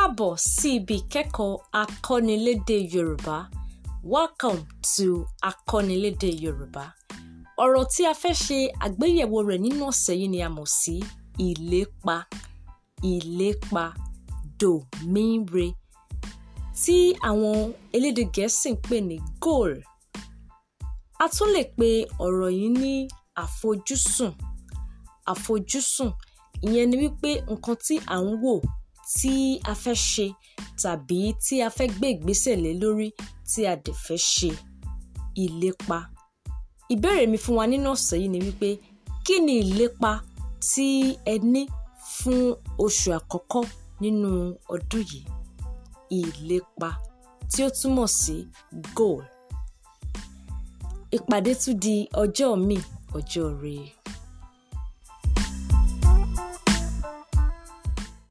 káàbọ̀ sí ibi ìkẹ́kọ̀ọ́ akọ́nilédè Yorùbá welcome to akọ́nilédè Yorùbá ọ̀rọ̀ tí a fẹ́ ṣe àgbéyẹ̀wò rẹ̀ nínú ọ̀sẹ̀ yìí ni a mọ̀ sí ìlépa ìlépa dòmínre tí àwọn elédè gẹ̀ẹ́sì ń pè ní goal a tún lè pe ọ̀rọ̀ yìí ní àfojúsùn àfojúsùn ìyẹn ni wípé nǹkan tí à ń wò tí a fẹ́ ṣe tàbí tí a fẹ́ gbé ìgbésẹ̀ lé lórí tí a dẹ̀ fẹ́ ṣe ìlépa. ìbéèrè mi fún wa nínú ọ̀sẹ̀ yìí ni wípé kí ni ìlépa tí ẹ ní fún oṣù àkọ́kọ́ nínú ọdún yìí ìlépa tí ó túmọ̀ sí goal. ìpàdé tún di ọjọ́ mi ọjọ́ rèé.